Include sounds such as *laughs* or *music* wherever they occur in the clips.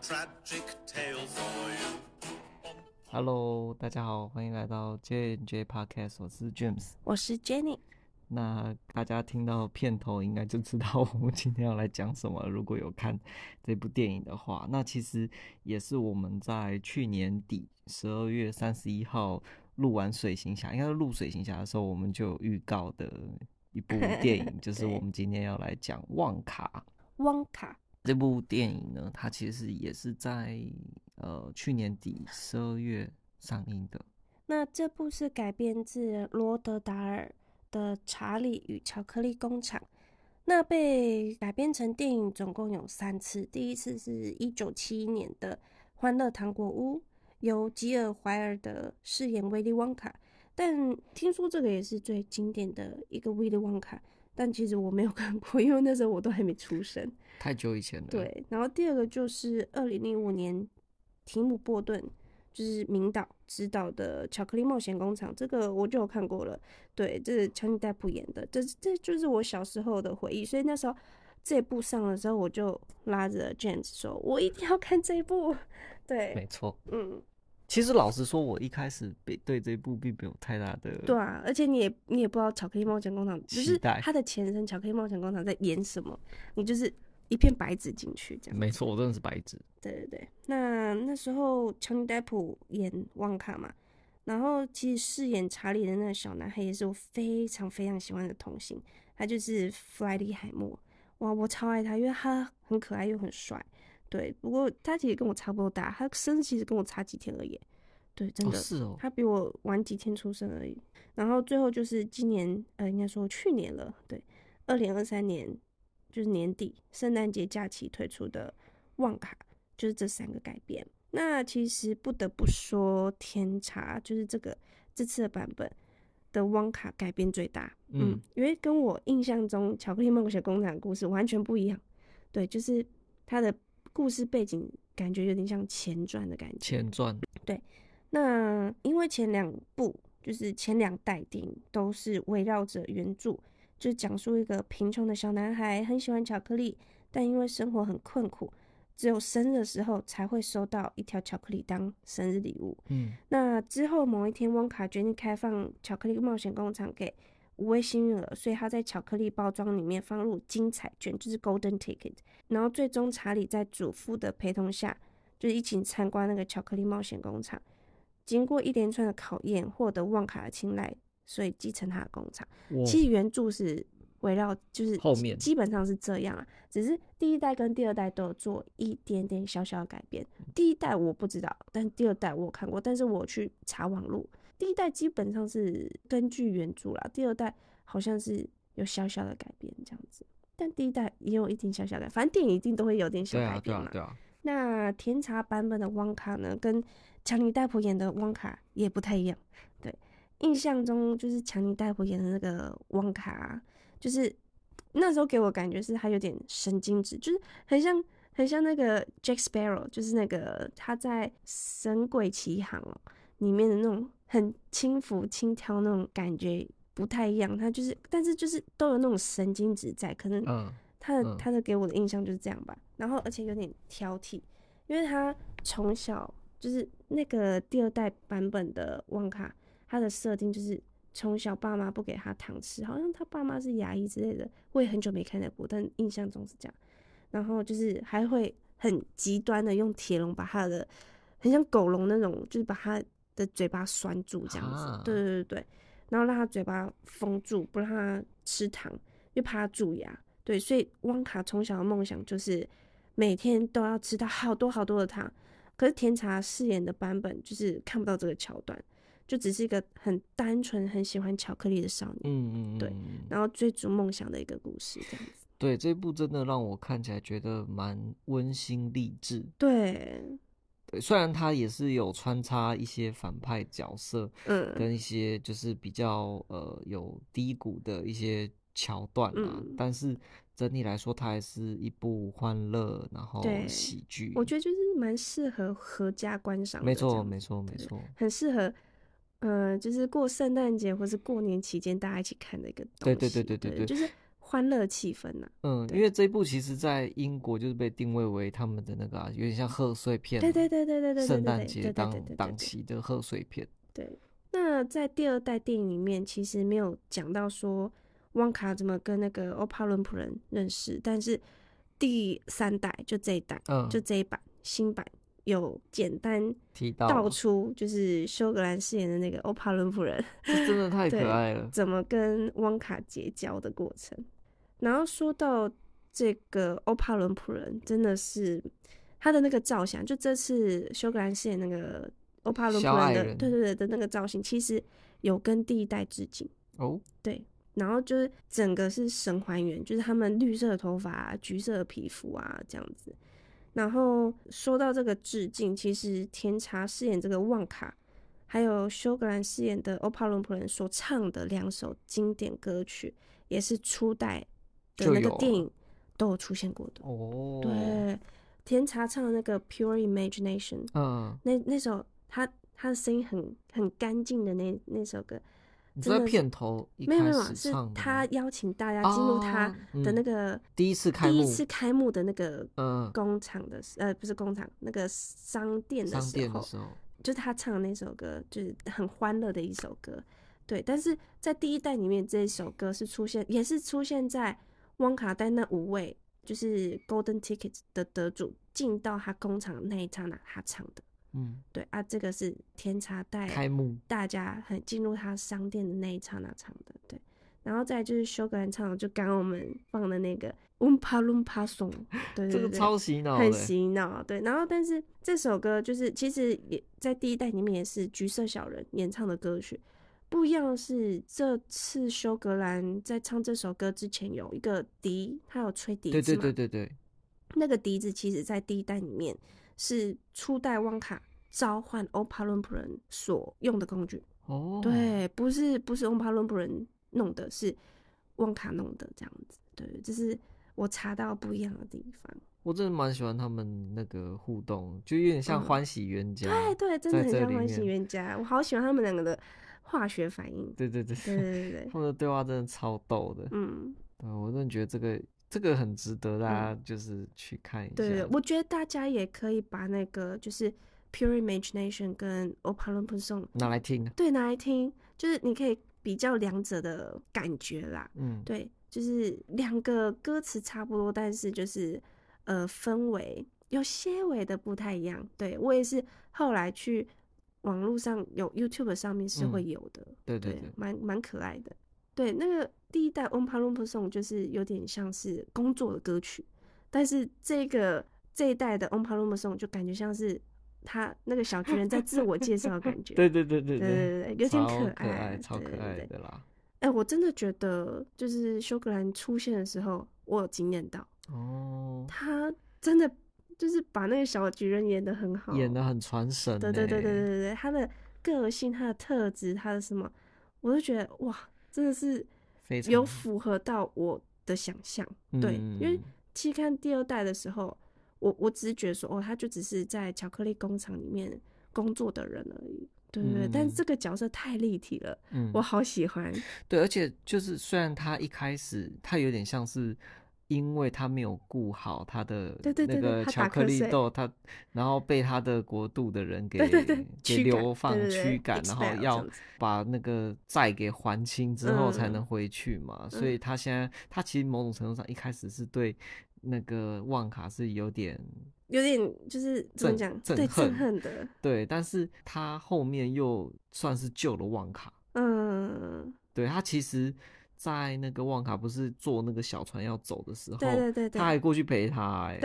Tales Hello，大家好，歡迎來到 JJ Podcast。我是 James，我是 Jenny。那大家聽到片頭，應該就知道我們今天要來講什麼。如果有看這部電影的話，那其實也是我們在去年底十二月三十一號錄完《水行俠》，應該是錄《水行俠》的時候，我們就有預告的一部電影， *laughs* 對就是我們今天要來講《旺卡》。旺卡。這部電影呢，它其實也是在呃去年底十二月上映的。那這部是改編自羅德達爾的《查理與巧克力工廠》。那被改編成電影總共有三次，第一次是一九七一年的《歡樂糖果屋》，由吉爾懷爾德飾演威利旺卡，但聽說這個也是最經典的一個威利旺卡。但其實我沒有看過，因為那時候我都還沒出生，太久以前了。對，然後第二個就是二零零五年，提姆·波頓就是名導執導的《巧克力冒險工廠》，這個我就有看過了。對，這是喬尼戴普演的，這這就是我小時候的回憶。所以那時候這部上了之後，我就拉着 James 說：“我一定要看這一部。”對，沒錯，嗯。其實老實說，我一開始並對這一部並沒有太大的對啊，而且你也你也不知道《巧克力冒險工廠》待，就是他的前身《巧克力冒險工廠》在演什麼，你就是一片白紙進去這樣。沒錯，我真的是白紙。對對對，那那時候強尼戴普演旺卡嘛，然後其實飾演查理的那個小男孩也是我非常非常喜歡的童星，他就是弗萊迪海默。哇，我超愛他，因為他很可愛又很帥。對，不過他其實跟我差不多大，他生其實跟我差幾天而已。對，真的，哦是哦。他比我晚幾天出生而已。然後最後就是今年，呃，應該說去年了。對，二零二三年就是年底聖誕節假期推出的《旺卡》，就是這三個改編。那其實不得不說，天差就是這個這次的版本的《旺卡》改編最大，嗯，嗯，因為跟我印象中《巧克力冒險工廠》的故事完全不一樣。對，就是它的。故事背景感覺有點像前傳的感覺，前傳。前傳，對。那因為前兩部就是前兩代電影都是圍繞着原著援助，就講述一個貧窮的小男孩很喜歡巧克力，但因為生活很困苦，只有生日的時候才會收到一條巧克力當生日禮物。嗯。那之後某一天，旺卡決定開放巧克力冒險工廠給。五位幸運兒，所以他在巧克力包裝裡面放入精彩券，就是 Golden Ticket。然後最終查理在祖父的陪同下，就是一起參觀那個巧克力冒險工廠。經過一連串的考驗，獲得旺卡的青睞，所以繼承他的工廠。哇其實原著是圍繞就是後面基本上是這樣啊，只是第一代跟第二代都有做一點點小小的改變。第一代我不知道，但是第二代我看過，但是我去查網絡。第一代基本上是根據原著啦，第二代好像是有小小的改變這樣子，但第一代也有一點小小的，反正電影一定都會有點小改變嘛。對啊、對啊、對啊、那甜茶版本的旺卡、er、呢，跟強尼戴普演的旺卡、er、也不太一樣。對，印象中就是強尼戴普演的那個旺卡、er 啊，就是那時候給我感覺是還有點神經質，就是很像很像那個 Jack Sparrow，就是那個他在《神鬼奇航、哦》裡面的那種。很輕浮、輕佻那種感覺不太一樣，他就是，但是就是都有那種神經質在，可能他的、嗯嗯、他的給我的印象就是這樣吧。然後而且有點挑剔，因為他從小就是那個第二代版本的旺卡，他的設定就是從小爸媽不給他糖吃，好像他爸媽是牙醫之類的。我也很久沒看到過。但印象中是這樣。然後就是還會很極端的用鐵籠把他的，很像狗籠那種，就是把他。的嘴巴拴住，這樣子，啊、對對對，然後讓他嘴巴封住，不讓他吃糖，又怕他蛀牙，對，所以旺卡從小的夢想就是每天都要吃到好多好多的糖。可是甜茶飾演的版本就是看不到這個橋段，就只是一個很單純、很喜歡巧克力的少年，嗯嗯嗯，對，然後追逐夢想的一個故事這樣子。對，這一部真的讓我看起來覺得蠻溫馨勵志。對。對，雖然它也是有穿插一些反派角色，嗯，跟一些就是比較呃有低谷的一些橋段嘛、啊，嗯、但是整體來說，它還是一部歡樂然後喜劇。我覺得就是蠻適合合家觀賞，沒錯沒錯沒錯，很適合，呃，就是過聖誕節或是過年期間大家一起看的一個東西。對對對對對對，對就是。歡樂氣氛呢、啊，嗯，對因為這一部其實，在英國就是被定位為他們的那個、啊，有點像賀歲片、啊。對，對對對對對對，聖誕節檔檔期的賀歲片。對，那在第二代電影裡面，其實沒有講到說旺卡怎麼跟那個歐帕倫普人認識，但是第三代就這一代，嗯、就這一版新版有簡單提到出，就是修格蘭飾演的那個歐帕倫普人，這真的太可愛了。 *laughs* 怎麼跟旺卡結交的過程。然後說到這個歐帕倫普人，真的是他的那個造型，就這次休格蘭飾演那個歐帕倫普人的，對對對的那個造型，其實有跟第一代致敬哦，對。然後就是整個是神還原，就是他們綠色的頭髮、啊、橘色的皮膚啊這樣子。然後說到這個致敬，其實甜茶飾演這個旺卡，還有休格蘭飾演的歐帕倫普人所唱的兩首經典歌曲，也是初代。有那個電影都有出現過的哦。對，甜茶唱的那個《Pure Imagination》，嗯，那那首他他的聲音很很乾淨的，那那首歌，這個片頭沒有沒有，是他邀請大家進入他的那個第一次開第一次開幕的那個工廠的、嗯、呃不是工廠那個商店的時候，時候就他唱的那首歌，就是很歡樂的一首歌。對，但是在第一代裡面，這首歌是出現也是出現在。旺卡帶那五位就是 Golden Tickets 的得主進到他工廠的那一剎那，他唱的，嗯，對啊，這個是天差帶開幕，大家很進入他商店的那一剎那唱的，對，然後再就是修格蘭唱的，就剛剛我們放的那個 Oompa Loompa Song，對， *laughs* 這個超洗腦、欸，很洗腦，對，然後但是這首歌就是其實也在第一代裡面也是橘色小人演唱的歌曲。不一樣的是這次修格蘭在唱這首歌之前有一個笛，他有吹笛子。對對對，對，對那個笛子其實在第一代裡面是初代旺卡召喚歐帕倫普人所用的工具。哦，對，不是不是歐帕倫普人弄的是，是旺卡弄的這樣子。對，就是我查到不一樣的地方。我真的蠻喜歡他們那個互動，就有點像歡喜冤家。對、嗯、對，真的很像歡喜冤家。我好喜歡他們兩個的。化學反應，對對對，對對對，他們的對話真的超逗的，嗯，對、嗯、我真的覺得這個這個很值得大家就是去看一下。嗯、對，我覺得大家也可以把那個就是 Pure Imagination 跟 Oompa Loompa Song 拿來聽、嗯，對，拿來聽，就是你可以比較兩者的感覺啦，嗯，對，就是兩個歌詞差不多，但是就是呃氛圍有些微的不太一樣。對我也是後來去。網絡上有 YouTube 上面是會有的，嗯、對對蠻蠻可愛的。對，那個第一代《Oompa Loompa Song》就是有點像是工作的歌曲，但是這個這一代的《Oompa Loompa Song》就感覺像是他那個小巨人，在自我介紹的感覺。 *laughs* 對對對對對對，對，對有點可愛，超可愛，超可愛的啦。哎，我真的覺得，就是休葛蘭出現的時候，我有驚艷到哦，他真的。就是把那個小巨人演得很好，演得很傳神。對對對對對，他的個性、他的特質、他的什麼，我都覺得哇，真的是有符合到我的想象。常對，嗯、因為去看第二代的時候，我我只是覺得說，哦，他就只是在巧克力工廠裡面工作的人而已。對對對，嗯、但這個角色太立體了，嗯、我好喜歡。對，而且就是雖然他一開始他有點像是。因為他沒有顧好他的那個巧克力豆，他然後被他的國度的人給給流放驅趕，然後要把那個債給還清之後才能回去嘛，所以他現在他其實某種程度上一開始是對那個旺卡是有點有點就是怎麼講，對憎恨的對，但是他後面又算是救了旺卡，嗯，對他其實。在那個旺卡不是坐那個小船要走的時候，對，對對對，他還過去陪他、欸，哎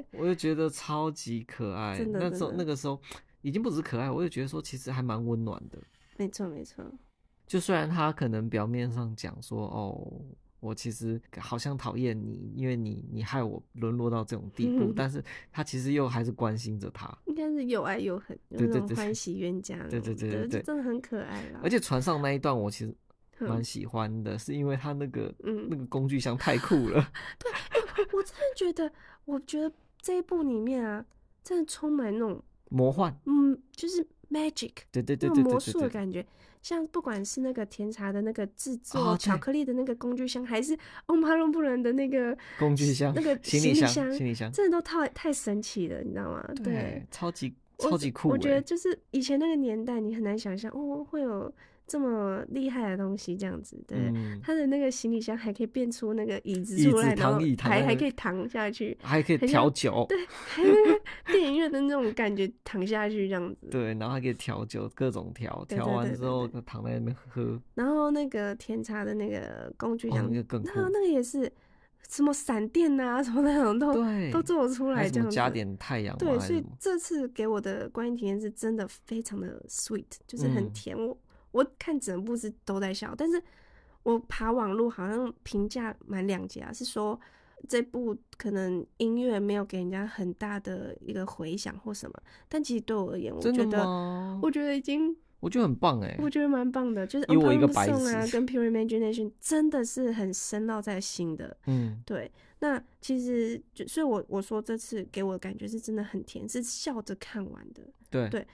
對，對我就覺得超級可愛、欸。真的那時候真的那個時候已經不止可愛，我就覺得說其實還蠻溫暖的。沒錯沒錯，就雖然他可能表面上講說哦，我其實好像討厭你，因為你你害我淪落到這種地步， *laughs* 但是他其實又還是關心着他。應該是又愛又恨，有那種歡喜冤家。對對對對對，對對對對真的很可愛啦。而且船上那一段我其實。蠻喜歡的，是因為他那個那個工具箱太酷了。對，我真的覺得，我覺得這一部裡面啊，真的充滿那種魔幻，嗯，就是 magic，對對對那種魔術的感覺。像不管是那個甜茶的那個製作巧克力的那個工具箱，還是奧馬洛布人的那個工具箱，那個行李箱、行李箱，真的都太太神奇了，你知道嗎？對，超級超級酷。我我覺得就是以前那個年代，你很難想象哦，會有。這麼厲害的東西，這樣子，對他的那個行李箱還可以變出那個椅子出來，然後還還可以躺下去，還可以調酒，對，電影院的那種感覺，躺下去這樣子，對，然後還可以調酒，各種調，調完之後躺在那邊喝，然後那個甜茶的那個工具箱，那個更酷，那那個也是什麼閃電啊，什麼那種都對。都做出來這樣子，加點太陽，對，所以這次給我的觀影體驗是真的非常的 sweet，就是很甜，哦。我看整部是都在笑，但是我爬網路好像評價蠻兩極啊，是說這部可能音樂沒有給人家很大的一個回響或什麼，但其實對我而言，我覺得我覺得已經我覺得很棒哎、欸，我覺得蠻棒的，就是我《One More Shot》啊，《跟 Pure Imagination》真的是很深烙在心的，嗯，對。那其實就，所以我我說這次給我的感覺是真的很甜，是笑着看完的，對對。對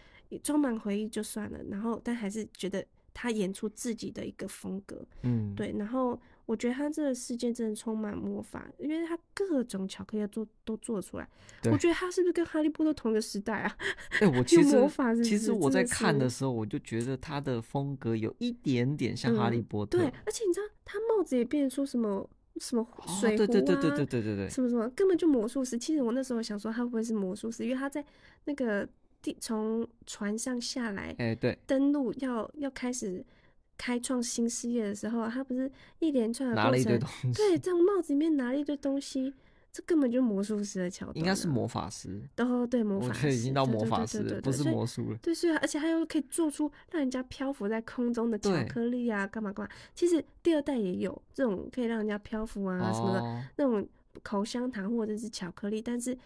裝滿回憶就算了，然後但還是覺得他演出自己的一個風格，嗯，對。然後我覺得他這個世界真的充滿魔法，因為他各種巧克力做都做出來。對我覺得他是不是跟哈利波特同一個時代啊？哎，欸、我其實是是其實我在看的時候，我就覺得他的風格有一點點像哈利波特。嗯、對，而且你知道他帽子也變出什麼什麼水壺啊？哦、對,對對對對對對對對，什麼什麼根本就魔術師。其實我那時候想說他會不會是魔術師，因為他在那個。從船上下來，哎，對，登陸要要開始開創新事業的時候，他不是一連串的過程。拿了一堆東西對，這種，帽子裡面拿了一堆東西，這根本就是魔術師的橋段，啊，應該是魔法師，都、oh, 對，魔法師已經到魔法師，不是魔術了對，對，所以而且他又可以做出讓人家漂浮在空中的巧克力啊，幹對嘛幹嘛，其實第二代也有這種可以讓人家漂浮啊什麼的，oh，那種口香糖或者是巧克力，但是。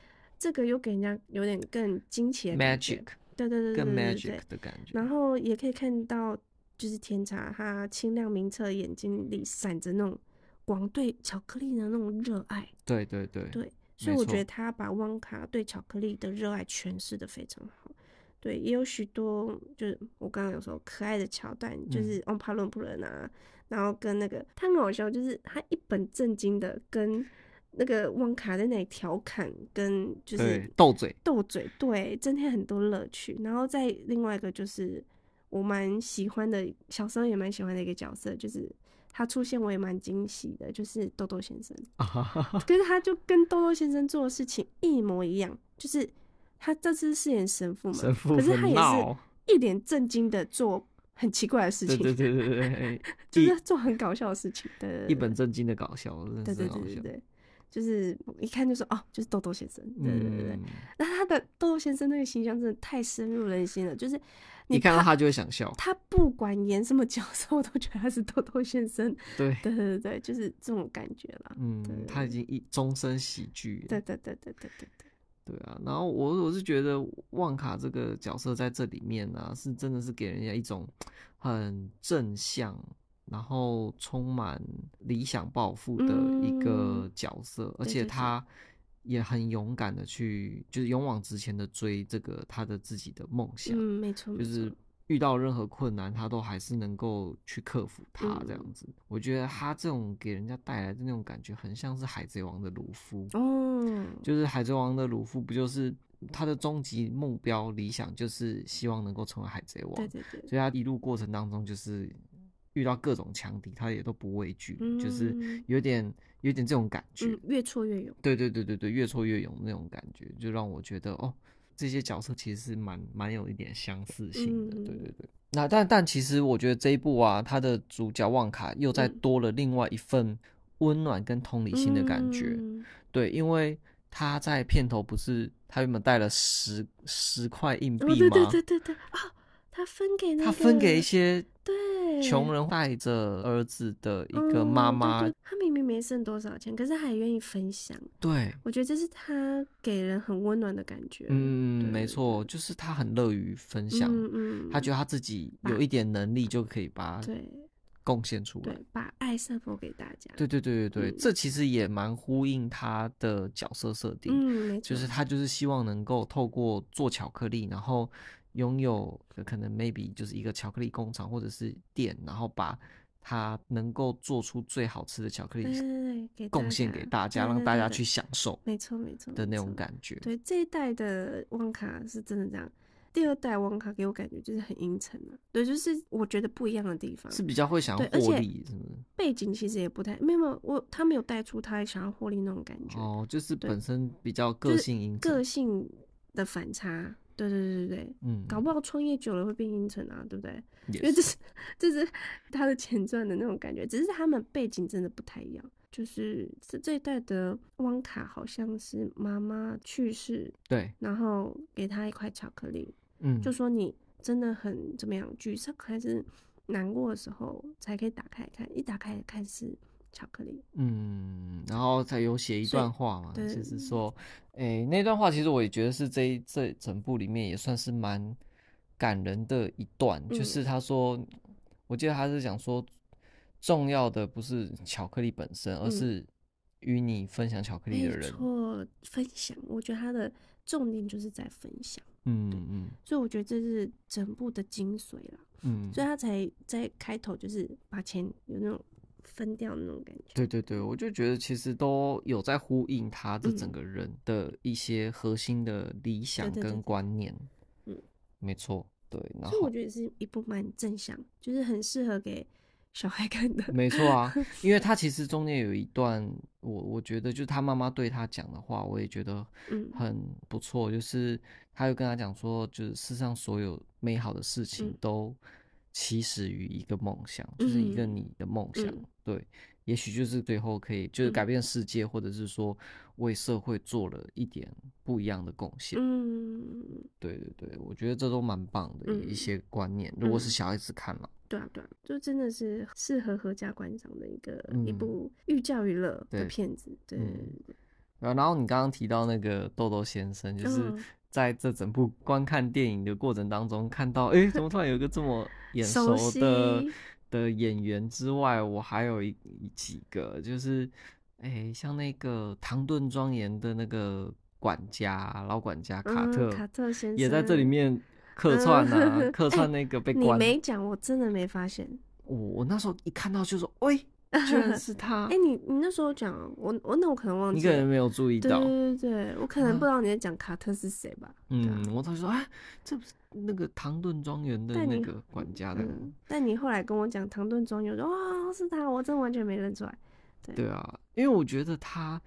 這個又給人家有點更金錢，magic, 對對對對 magic 的感覺。更 magic，然後也可以看到，就是甜茶他清亮明澈眼睛裡閃着那種光，對巧克力的那種熱愛。對對對對，對，沒錯。所以我覺得他把汪卡對巧克力的熱愛詮釋的非常好。對，也有許多就是我剛剛有說可愛的橋段，嗯、就是旺帕倫布倫啊，然後跟那個他很好笑，就是他一本正經的跟。那個旺卡在那裡調侃，跟就是鬥嘴，鬥嘴，對，增添很多樂趣。然後再另外一個就是我蠻喜歡的，小時候也蠻喜歡的一個角色，就是他出現我也蠻驚喜的，就是豆豆先生。 *laughs* 可是他就跟豆豆先生做的事情一模一樣，就是他這次飾演神父嘛，神父們，可是他也是一臉震驚的做很奇怪的事情， *laughs* 對，對，對對對對對， *laughs* 就是做很搞笑的事情，對對，對,對,對，一本正經的搞笑，對對對對對。就是一看就說哦，就是豆豆先生，對對對那、嗯、他的豆豆先生那個形象真的太深入人心了，就是你看到他就會想笑。他不管演什麼角色，我都覺得他是豆豆先生。對，對對對對，就是這種感覺了。嗯，對他已經一終身喜劇。對對對對對對。對啊，然後我我是覺得旺卡這個角色在這裡面呢、啊，是真的是給人家一種很正向。然後充滿理想抱負的一個角色，嗯、而且他也很勇敢的去，對對對就是勇往直前的追這個他的自己的夢想。嗯，沒錯。就是遇到任何困難，他都還是能夠去克服他，嗯、這樣子，我覺得他這種給人家帶來的那種感覺，很像是《海賊王》的魯夫。哦，就是《海賊王》的魯夫，不就是他的終極目標理想，就是希望能夠成為海賊王。對對對。所以他一路過程當中就是。遇到各種強敵，他也都不畏懼，嗯、就是有點有點這種感覺，嗯、越挫越勇。對對對對對，越挫越勇那種感覺，就讓我覺得哦，這些角色其實是蠻蠻有一點相似性的。嗯、對對對，那但但其實我覺得這一部啊，他的主角旺卡又再多了另外一份溫暖跟同理心的感覺。嗯嗯、對，因為他在片頭不是他原本帶了十十塊硬幣嗎？哦、對對對對對啊！他分給那個、他分給一些對窮人帶着兒子的一個媽媽、嗯對對，他明明沒剩多少錢，可是還願意分享。對，我覺得這是他給人很溫暖的感覺。嗯，對沒錯，對就是他很樂於分享。嗯，嗯，嗯他覺得他自己有一點能力就可以把對貢獻出來，把，對把愛散發給大家。對對對對對，嗯、這其實也蠻呼應他的角色設定。嗯，沒錯，就是他就是希望能夠透過做巧克力，然後。擁有的可能 maybe 就是一個巧克力工廠或者是店，然後把它能夠做出最好吃的巧克力貢獻給大家，讓大家去享受。沒錯沒錯的那種感覺。對，對，對，對，對，這一代的旺卡是真的這樣，第二代旺卡給我感覺就是很陰沉，對，就是我覺得不一樣的地方是比較會想要獲利，是不是？背景其實也不太沒有沒有我他沒有帶出他想要獲利那種感覺。哦，就是本身比較個性陰沉、就是、個性的反差。對對對對對，嗯，搞不好創業久了會變陰沉啊，對不對？Yes. 因為這是這是他的前傳的那種感覺，只是他們背景真的不太一樣。就是這這一代的旺卡好像是媽媽去世，對，然後給他一塊巧克力，嗯，就說你真的很怎麼樣沮喪還是難過的時候才可以打開看，一打開一看是。巧克力，嗯，然後才有寫一段話嘛，就是說，哎，那段話其實我也覺得是這一這整部裡面也算是蠻感人的一段，嗯、就是他說，我記得他是想說，重要的不是巧克力本身，而是與你分享巧克力的人。沒錯，分享，我覺得他的重點就是在分享，嗯嗯，所以我覺得這是整部的精髓了，嗯，所以他才在開頭就是把錢有那種。分掉那種感覺，對對對，我就覺得其實都有在呼應他的整個人的一些核心的理想跟觀念，嗯，對對對嗯沒錯，對。然後其實我覺得是一部蠻正向，就是很適合給小孩看的。沒錯啊， *laughs* 因為他其實中間有一段，我我覺得就是他媽媽對他講的話，我也覺得嗯很不錯，嗯、就是他又跟他講說，就是世上所有美好的事情都。嗯起始於一個夢想，嗯、就是一個你的夢想，嗯、對，也許就是最後可以就是改變世界，嗯、或者是說為社會做了一點不一樣的貢獻。嗯，對對對，我覺得這都蠻棒的一些觀念。嗯、如果是小孩子看了，嗯、對啊對啊，就真的是適合合家觀賞的一個、嗯、一部寓教於樂的片子。對，對、嗯，然後你剛剛提到那個豆豆先生，就是。哦在這整部觀看電影的過程當中，看到，哎、欸，怎麼突然有一個這麼眼熟的熟悉的演員之外，我還有一一幾個，就是，哎、欸，像那個唐頓莊園的那個管家老管家卡特，嗯、卡特先生也在這裡面客串吶、啊，嗯、客串那個被關。你、欸、沒講，我真的沒發現。我我那時候一看到就說，喂、欸。居然是他！哎、 *laughs* 欸，你你那時候講，我我那我可能忘記，你可能沒有注意到，對對對，我可能不知道你在講卡特是誰吧？嗯，啊、我他說啊、欸，這不是那個唐頓莊園的那個管家的。人、嗯。但你後來跟我講唐頓莊園說是他，我真的完全沒認出來。對，對啊，因為我覺得他。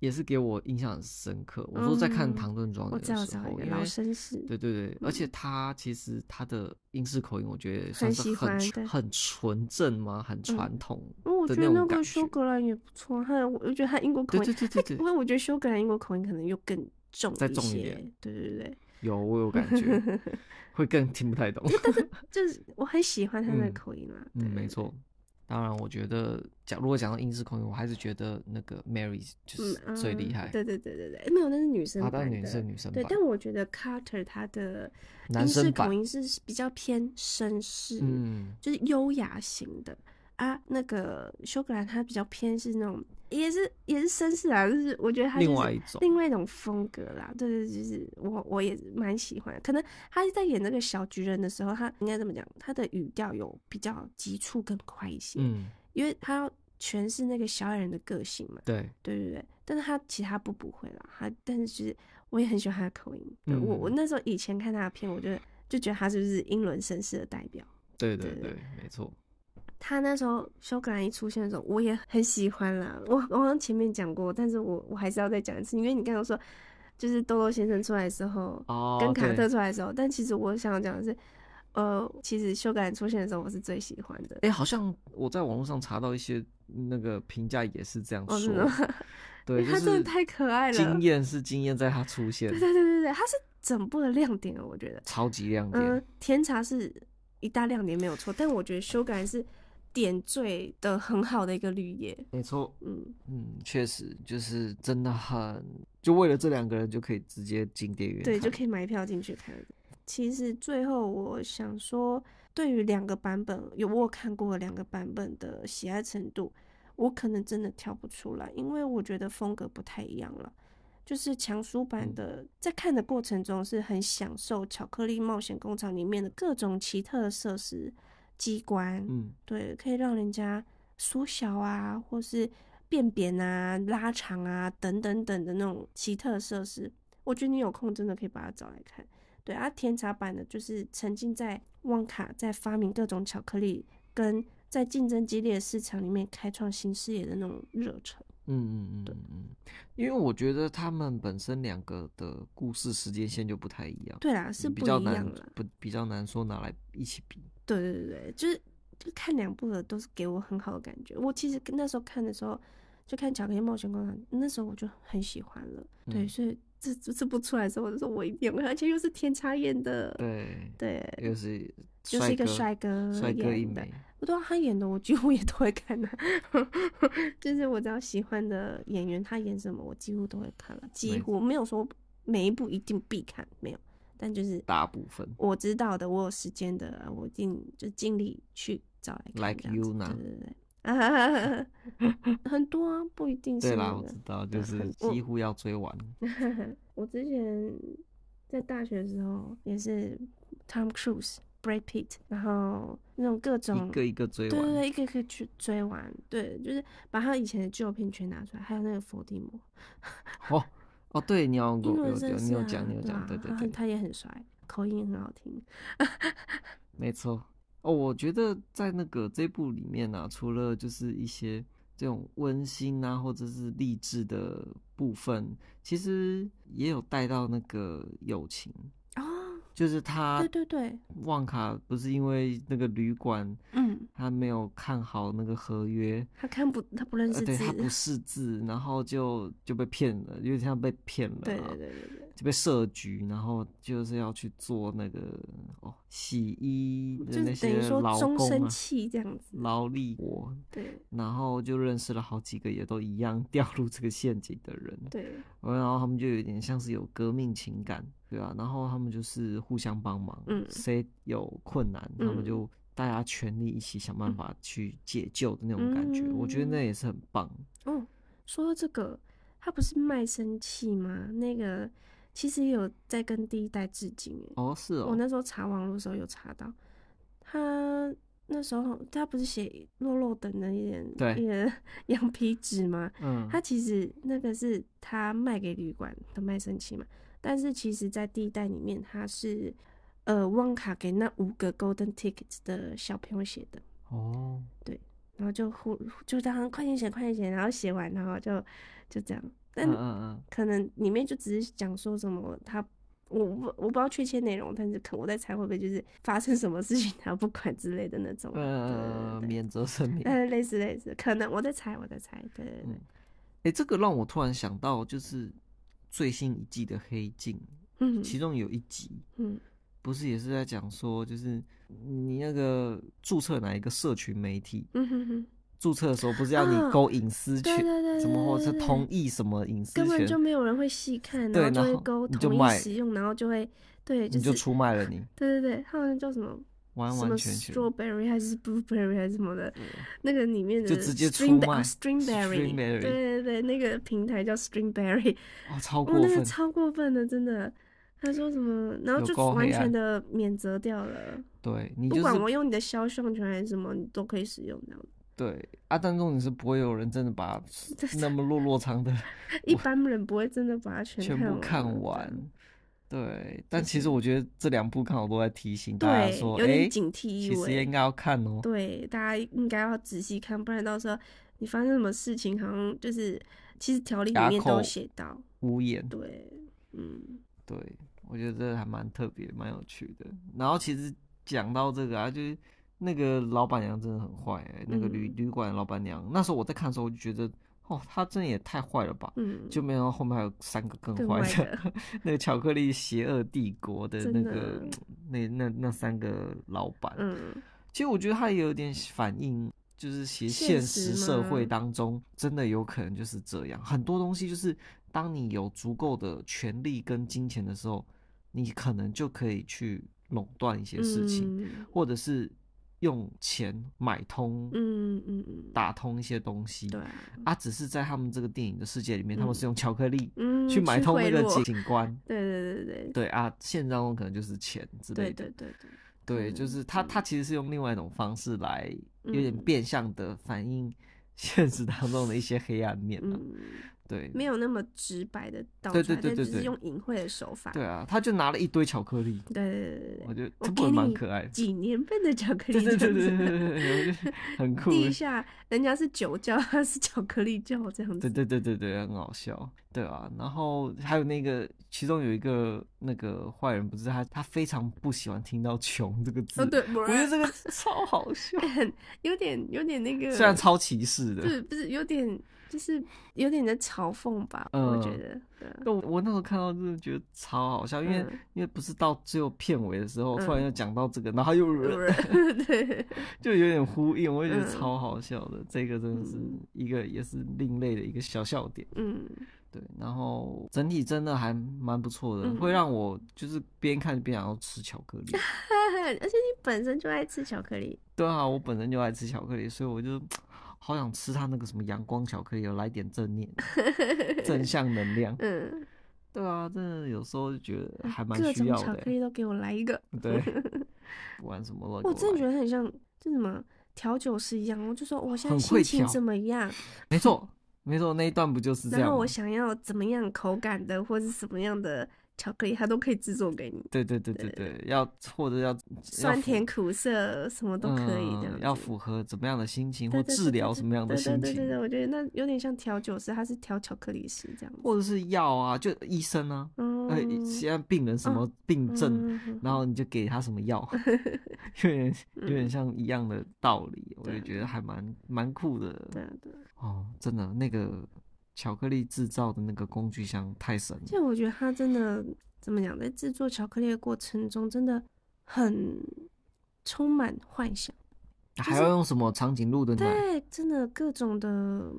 也是給我印象很深刻。我說在看唐頓莊園的時候，老紳士。對對對，而且他其實他的英式口音，我覺得是很很純正嘛，很傳統。嗯，我覺得那個蘇格蘭也不錯。他，我覺得他英國口音，對對對，因為我覺得蘇格蘭英國口音可能又更重一些。再重一點。對對對，有我有感覺，會更聽不太懂。但是就是我很喜歡他的口音啊。嗯，沒錯。當然，我覺得講如果講到英式口音，我還是覺得那個 Mary 就是最厲害、嗯嗯。對對對對對，沒有，那是女生的。她當、啊、女生是女生。對，但我覺得 Carter 她的英式口音是比較偏紳士，嗯，就是優雅型的、嗯、啊。那個休格蘭她比較偏是那種。也是也是紳士啊，就是我覺得他另外一種另外一種風格啦，對，對對，就是我我也蠻喜歡。可能他是在演那個小巨人的時候，他應該這麼講，他的語調有比較急促跟快一些，嗯，因為他要詮釋那個小矮人的個性嘛。對，對對對，但是他其他不不會啦。他但是其實我也很喜歡他的口音。對，嗯、我我那時候以前看他的片，我就就覺得他是不是英倫紳士的代表？對對對，對對對沒錯。他那時候休葛蘭一出現的時候，我也很喜歡了。我我前面講過，但是我我還是要再講一次，因為你剛剛說就是豆豆先生出來之後，哦、跟卡特出來的時候，對但其實我想講的是，呃，其實休葛蘭出現的時候我是最喜歡的。哎、欸，好像我在網絡上查到一些那個評價也是這樣說，嗎對，他真的太可愛了，驚艷是驚艷在他出現，對對對對對，他是整部的亮點啊，我覺得超級亮點。嗯，甜茶是一大亮點沒有錯，但我覺得休葛蘭是。點綴的很好的一個綠葉，沒錯錯，嗯嗯，確、嗯、實就是真的很，就為了這兩個人就可以直接進電影院，對，就可以買票進去看。 *laughs* 其實最後我想說，對於兩個版本，有我有看過的兩個版本的喜愛程度，我可能真的挑不出來，因為我覺得風格不太一樣了。就是強叔版的，嗯、在看的過程中是很享受《巧克力冒險工廠》裡面的各種奇特的設施。機關，嗯，對，可以讓人家縮小啊，或是變扁啊、拉長啊，等等等等的那種奇特設施。我覺得你有空真的可以把它找來看。對啊，甜茶版的，就是沉浸在旺卡在發明各種巧克力，跟在競爭激烈的市場裡面開創新事業的那種熱忱、嗯。嗯嗯嗯嗯嗯，對，因為我覺得他們本身兩個的故事時間線就不太一樣。嗯、對啊，是不一樣，比較難，不，比較難說拿來一起比。對對對對，就是就看兩部的都是給我很好的感覺。我其實那時候看的時候，就看《巧克力冒險工廠》，那時候我就很喜歡了。嗯、對，所以這這部出來之後，就說我一定會，而且又是甜茶演的。對對，對又是就是一個帥哥的，帥哥一枚。我都要，他演的我幾乎也都會看的，啊， *laughs* 就是我只要喜歡的演員，他演什麼我幾乎都會看了，啊，幾乎沒，沒有說每一部一定必看，沒有。但就是大部分，我知道的，我有時間的，我盡就盡力去找一個這樣子，對對對，很多啊，不一定是。對啦，我知道，就是幾乎要追完。 *laughs* 我之前在大學的時候也是，Tom Cruise、Brad Pitt，然後那種各種一個一個追完，對對，一個一個去追完，對，就是把他以前的舊片全拿出來，還有那個《佛地魔》。哦，對，你有講，你是是有講，你有講，啊、對對對，他也很帥，口音很好聽， *laughs* 沒錯。哦，我覺得在那個這部裡面呢、啊，除了就是一些這種溫馨啊，或者是勵志的部分，其實也有帶到那個友情。就是他，對對對，旺卡不是因為那個旅館，嗯，他沒有看好那個合約，嗯，他看不，他不認識字，啊，他不識字，然後就就被騙了，有點像被騙了，對對對對，就被設局，然後就是要去做那個哦，洗衣的那些勞工嘛，勞力活，對，然後就認識了好幾個，也都一樣掉入這個陷阱的人，對。嗯、然後他們就有點像是有革命情感，對吧、啊？然後他們就是互相幫忙，誰、嗯、有困難，嗯、他們就大家全力一起想辦法去解救的那種感覺。嗯、我覺得那也是很棒、嗯。哦，說到這個，他不是賣身契嗎？那個其實有在跟第一代致敬。哦，是哦，我那時候查網絡的時候有查到他。那時候他不是寫弱露的那一點，那對羊皮紙嗎？嗯，他其實那個是他賣給旅館的賣身契嘛。但是其實在第一代裡面，他是呃旺卡給那五個 Golden Tickets 的小朋友寫的。哦，對，然後就呼，就當快點寫，快點寫，然後寫完然後就就這樣。但可能裡面就只是講說什麼他。我不我不知道確切內容，但是可我在猜會不會就是發生什麼事情他不管之類的那種，呃對對對，免責聲明，呃類似類似，可能我在猜我在猜，對對對。哎、嗯欸，這個讓我突然想到，就是最新一季的黑《黑鏡、嗯哼》，其中有一集，嗯、哼不是也是在講說，就是你那個注冊哪一個社群媒體，嗯哼哼註冊的時候不是要你勾隱私權，對對對，什麼或者同意什麼隱私權，根本就沒有人會細看，然後就會勾同意使用，然後就會對，就出賣了你。對對對，他好像叫什麼什麼 strawberry 還是 blueberry 還是什麼的，那個裡面的就直接出 Stringberry 對對對，那個平台叫 Stringberry，哇，超過，哦，那個超過分的，真的，他說什麼，然後就完全的免責掉了。對，你不管我用你的肖像權還是什麼，你都可以使用的對啊，但重點是不會有人真的把它那麼落落長的。 *laughs* 一般人不會真的把它全， *laughs* 全部看完，對。對，但其實我覺得這兩部看，我都在提醒大家說，有點警惕其實也應該要看哦、喔。對，大家應該要仔細看，不然到時候你發生什麼事情，好像就是其實條例裡面都寫到啞口無言。對，嗯，對，我覺得這還蠻特別，蠻有趣的。然後其實講到這個啊，就是。那個老闆娘真的很壞、欸，那個旅旅館老闆娘，嗯、那時候我在看的時候我就覺得，哦，她真的也太壞了吧，嗯，就沒有後面還有三個更壞的，的 *laughs* 那個巧克力邪惡帝國的那個的那那那三個老闆，嗯，其實我覺得他也有點反映，就是現現實社會當中真的有可能就是這樣，很多東西就是當你有足夠的權力跟金錢的時候，你可能就可以去壟斷一些事情，嗯、或者是。用錢買通，嗯嗯嗯打通一些東西。對啊，只是在他們這個電影的世界裡面，嗯、他們是用巧克力，嗯，去買通那個警警官。對對對對對啊，現實當中可能就是錢之類的。對對對對對，對就是他對他其實是用另外一種方式來，有點變相的反映現實當中的一些黑暗面了，啊。嗯對，沒有那麼直白的道出來，但就是用隱晦的手法。對啊，他就拿了一堆巧克力。對對對對，我覺得這不蠻可愛。幾年份的巧克力，對對對，很酷。地下人家是酒窖，他是巧克力窖這樣子。對對對對對，很好笑。對啊，然後還有那個，其中有一個那個壞人，不是他，他非常不喜歡聽到“窮”這個字。哦、對。我覺得這個超好笑， *laughs* 有點有點那個。雖然超歧視的。就是不是，有點就是有點的嘲諷吧？我覺得。對、嗯，嗯、我我那時候看到真的覺得超好笑，嗯、因為因為不是到最後片尾的時候，嗯、突然又講到這個，然後又惹。對、嗯。 *laughs* 就有點呼應，我也覺得超好笑的。嗯、這個真的是一個也是另類的一個小笑點。嗯。對，然後整體真的還蠻不錯的，嗯、會讓我就是邊看邊想要吃巧克力。而且你本身就愛吃巧克力。對啊，我本身就愛吃巧克力，所以我就好想吃它那個什麼陽光巧克力，來點正念。 *laughs* 正向能量。嗯，對啊，真的有時候就覺得還蠻需要的。各種巧克力都給我來一個。 *laughs* 對，不管什麼了？我真的覺得很像，就什麼，調酒師一樣，我就說我現在心情怎麼樣？很會調。沒錯。沒錯，那一段不就是這樣？然後我想要怎麼樣口感的，或者什麼樣的巧克力，它都可以製作給你。對對對對對，要或者要酸甜苦澀什麼都可以的，要符合怎麼樣的心情，或治療什麼樣的心情。對對對，我覺得那有點像調酒師，他是調巧克力師這樣。或者是藥啊，就醫生啊，嗯，現在病人什麼病症，然後你就給他什麼藥，有點有點像一樣的道理，我就覺得還蠻蠻酷的。對對。哦，真的那個。巧克力製造的那個工具箱太神了！其實我覺得他真的怎麼講，在製作巧克力的過程中，真的很充滿幻想。還要用什麼長頸鹿的奶，就是？對，真的各種的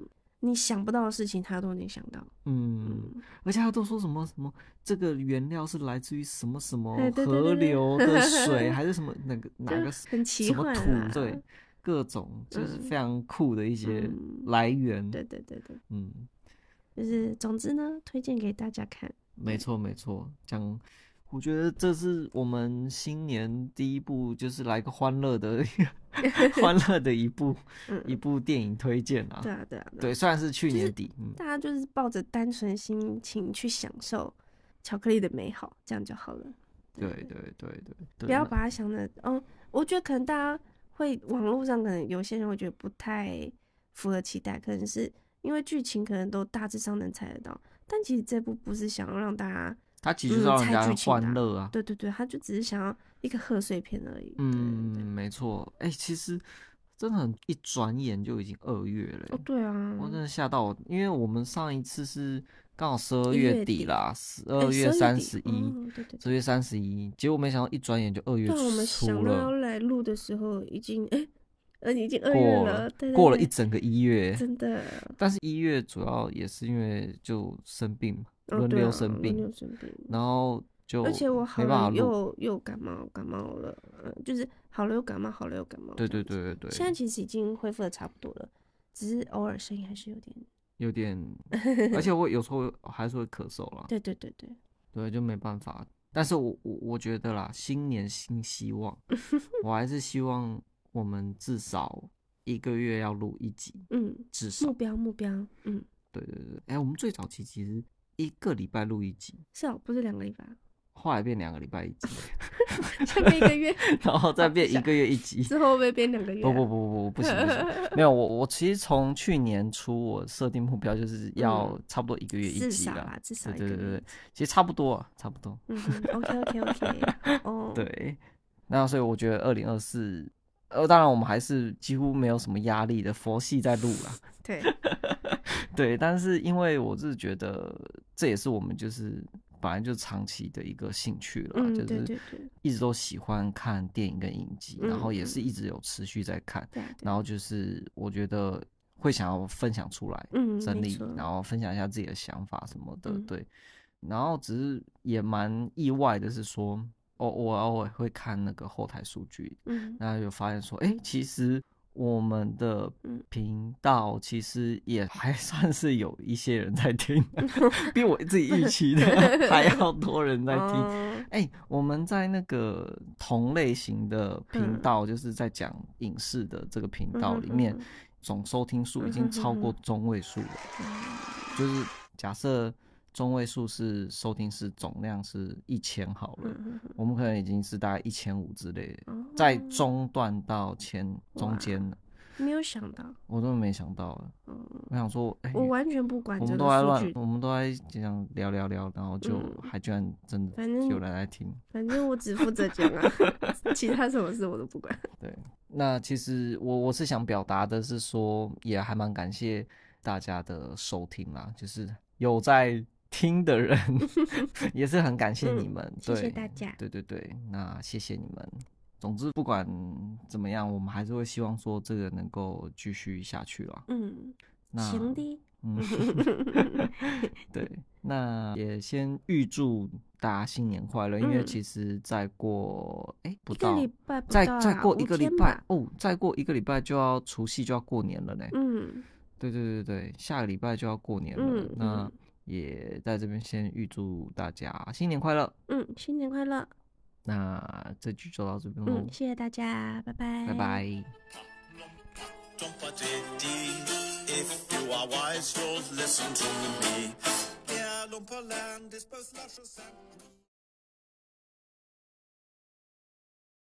你想不到的事情，他都能想到。嗯，嗯，而且他都說什麼什麼這個原料是來自於什麼什麼河流的水，還是什麼那個哪個很奇什麼土？對，各種就是非常酷的一些來源。嗯嗯、對對對對，嗯。就是，總之呢，推薦給大家看。沒錯，沒錯。講，我覺得這是我們新年第一部，就是來個歡樂的， *laughs* 歡樂的一部， *laughs* 嗯、一部電影推薦啊。對啊，對，啊對，啊對啊，對啊，對，雖然是去年底。大家就是抱着單純心情去享受巧克力的美好，嗯、這樣就好了。對對對，對對對。不要把它想的，嗯，我覺得可能大家會網絡上可能有些人會覺得不太符合期待，可能是。因為劇情可能都大致上能猜得到，但其實這部不是想要讓大家，他其實就是讓大家歡樂啊、嗯、啊，對對對，他就只是想要一個賀歲片而已。對對對，嗯，沒錯。哎、欸，其實真的很一轉眼就已經二月了，欸。哦，對啊，我真的嚇到我，因為我們上一次是剛好十二月底啦，十二月三十一，十二月三十一，結果沒想到一轉眼就二月初了。我們想要來錄的時候，已經哎。欸嗯，已經二月了，過了一整個一月，真的。但是，一月主要也是因為就生病嘛，輪流、哦、生病，生病然後就沒辦法，而且我好了又又感冒，感冒了、嗯，就是好了又感冒，好了又感冒。對，對對對對對。現在其實已經恢復的差不多了，只是偶爾聲音還是有點，有點。而且我有時候還是會咳嗽啦。 *laughs* 對，對對對對。對，就沒辦法。但是我我我覺得啦，新年新希望， *laughs* 我還是希望。我們至少一個月要錄一集，嗯，至少，目標目標，嗯，對對對，哎、欸，我們最早期其實一個禮拜錄一集，是啊、哦，不是兩個禮拜，後來變兩個禮拜一集，再變 *laughs* 一個月， *laughs* 然後再變一個月一集，之後會變兩個月、啊，不不不不不不行不行，不行沒有我我其實從去年初我設定目標就是要差不多一個月一集的、啊，至少對對對對，其實差不多啊，差不多，嗯，OK OK OK，哦、oh.，對，那所以我覺得二零二四。呃，當然，我們還是幾乎沒有什麼壓力的，佛系在錄啦， *laughs* 對， *laughs* 對，但是因為我是覺得，這也是我們就是本來就長期的一個興趣了，嗯、就是一直都喜歡看電影跟影集，嗯、對對對，然後也是一直有持續在看，嗯、然後就是我覺得會想要分享出來真，整理、嗯、然後分享一下自己的想法什麼的，嗯、對，然後只是也蠻意外的是說。我我偶爾會看那個後台數據，嗯，然後有發現說，哎，其實我們的頻道其實也還算是有一些人在聽，比我自己預期的還要多人在聽。哎，我們在那個同類型的頻道，就是在講影視的這個頻道裡面，總收聽數已經超過中位數了，就是假設。中位數是收聽是總量是一千好了，嗯、哼哼我們可能已經是大概一千五之類的，在、哦、中段到前哇中間間沒有想到，我真的沒想到、嗯、我想說，欸、我完全不管這個數據，我們都在亂，我們都這樣聊聊聊，然後就還居然真的有人來聽、嗯反，反正我只負責講啊， *laughs* 其他什麼事我都不管。對，那其實我我是想表達的是說，也還蠻感謝大家的收聽啦，就是有在。聽的人也是很感謝你們，謝謝大家。對對對，那謝謝你們。總之不管怎麼樣，我們還是會希望說這個能夠繼續下去啦。嗯，那行的。嗯，對，那也先預祝大家新年快樂。因為其實再過哎，不到，再再過一個禮拜哦，再過一個禮拜就要除夕就要過年了呢。嗯，對對對對，下個禮拜就要過年了。那。也、yeah, 在這邊先預祝大家新年快樂。嗯，新年快樂。那這集就到這邊了。嗯，謝謝大家，拜拜。拜拜。